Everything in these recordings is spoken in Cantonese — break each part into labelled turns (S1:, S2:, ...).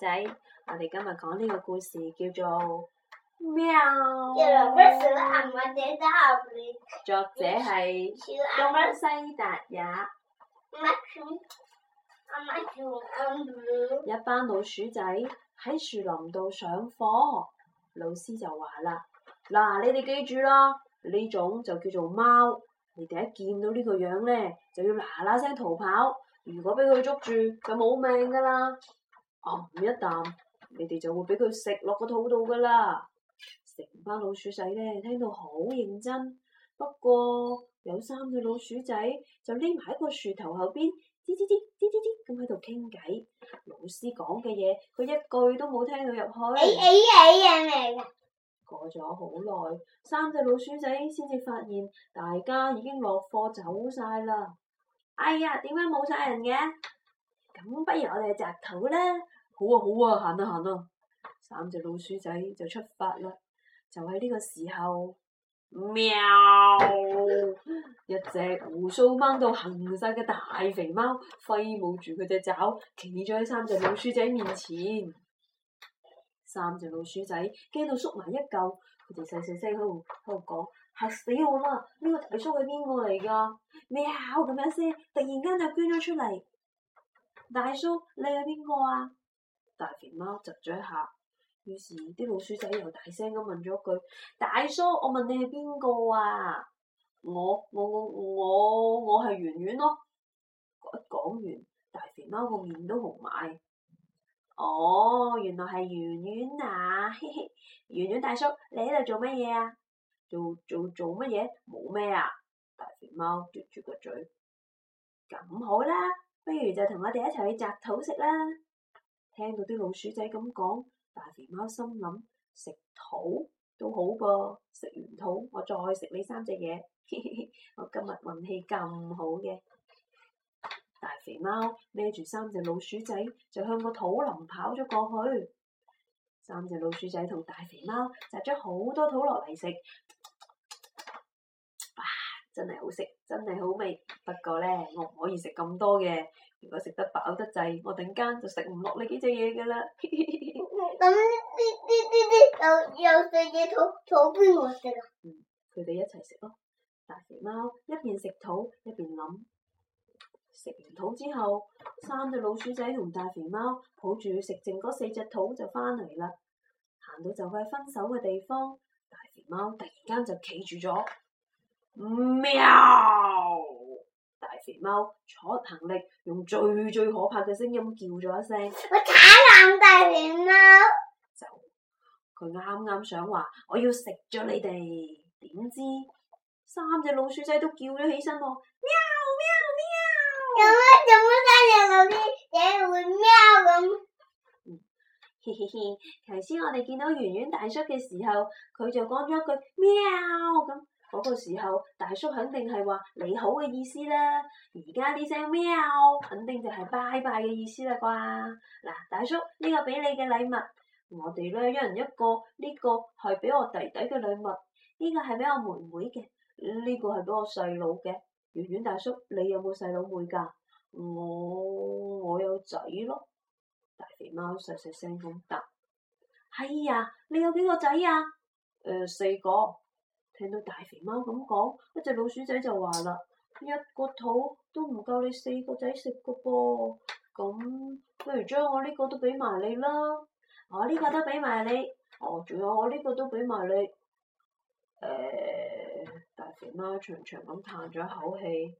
S1: 仔，我哋今日講呢個故事叫做《喵》。作者係宮西達也。一班老鼠仔喺樹林度上課，老師就話啦：嗱、啊，你哋記住啦，呢種就叫做貓，你哋一見到呢個樣咧，就要嗱嗱聲逃跑。如果俾佢捉住，就冇命噶啦。哦，唔、啊、一啖，你哋就會俾佢食落個肚度噶啦。成班老鼠仔咧聽到好認真，不過有三隻老鼠仔就匿埋喺個樹頭後邊，吱吱吱，嘀嘀嘀咁喺度傾偈。老師講嘅嘢，佢一句都冇聽到入去。哎哎哎呀咩噶？過咗好耐，三隻老鼠仔先至發現大家已經落課走晒啦。哎呀，點解冇晒人嘅？咁，不如我哋去摘桃啦！好啊，好啊，行啦、啊，行啦、啊，三隻老鼠仔就出發啦。就喺呢個時候，喵！一隻鬍鬚掹到行晒嘅大肥貓，揮舞住佢隻爪，企咗喺三隻老鼠仔面前。三隻老鼠仔驚到縮埋一嚿，佢哋細細聲喺度喺度講：嚇死我啦！呢、這個大叔係邊個嚟噶？喵！咁樣先，突然間就捐咗出嚟。大叔，你係邊個啊？大肥貓窒咗一下，於是啲老鼠仔又大聲咁問咗句：大叔，我問你係邊個啊？我我我我我係圓圓咯！一講完，大肥貓個面都紅埋。哦，原來係圓圓啊！嘻嘻，圓圓大叔，你喺度做乜嘢啊？做做做乜嘢？冇咩啊？大肥貓嘟住個嘴，咁好啦。就同我哋一齊去摘桃食啦！聽到啲老鼠仔咁講，大肥貓心諗，食桃都好噃，食完桃我再食你三隻嘢， 我今日運氣咁好嘅。大肥貓孭住三隻老鼠仔就向個桃林跑咗過去，三隻老鼠仔同大肥貓摘咗好多桃落嚟食。真係好食，真係好味。不過咧，我唔可以食咁多嘅。如果食得飽得滯，我突然間就食唔落你幾隻嘢㗎啦。咁呢啲呢啲呢有有四隻肚肚邊個食啊？嗯，佢哋一齊食咯。大肥貓一邊食肚一邊諗，食完肚之後，三隻老鼠仔同大肥貓抱住食剩嗰四隻肚就翻嚟啦。行到就快分手嘅地方，大肥貓突然間就企住咗。喵！大肥貓坐行力，用最最可怕嘅聲音叫咗一聲。我踩爛大肥貓！就佢啱啱想話我要食咗你哋，點知三隻老鼠仔都叫咗起身哦！喵喵喵！做乜做乜？三隻老鼠仔會喵咁？嘻嘻嘻！頭先我哋見到圓圓大叔嘅時候，佢就講咗一句喵咁。喵喵嗰個時候，大叔肯定係話你好嘅意思啦。而家呢聲喵，肯定就係拜拜嘅意思啦啩。嗱，大叔呢個俾你嘅禮物，我哋咧一人一個。呢個係俾我弟弟嘅禮物，呢個係俾我妹妹嘅，呢個係俾我細佬嘅。圓圓大叔，你有冇細佬妹噶？我我有仔咯。大肥貓細細聲講答，哎呀，你有幾個仔啊？誒，四個。聽到大肥貓咁講，一隻老鼠仔就話啦：，一個肚都唔夠你四個仔食㗎噃，咁不如將我呢個都俾埋你啦。我呢個都俾埋你，哦，仲有我呢個都俾埋你。誒、呃，大肥貓長長咁嘆咗一口氣，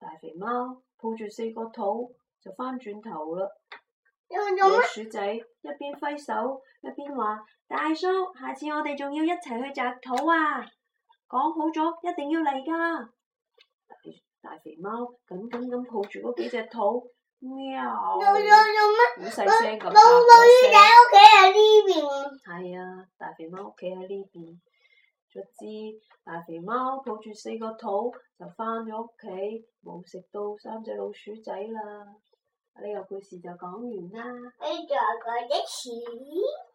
S1: 大肥貓抱住四個肚就翻轉頭啦。老鼠仔一邊揮手一邊話：大叔，下次我哋仲要一齊去摘土啊！講好咗，一定要嚟噶！大肥貓緊緊咁抱住嗰幾隻土，喵！好細聲咁，老老鼠仔屋企喺呢邊啊！係啊，大肥貓屋企喺呢邊。卒之，大肥貓抱住四個土就翻咗屋企，冇食到三隻老鼠仔啦。呢個故事就講完啦。你再講一次。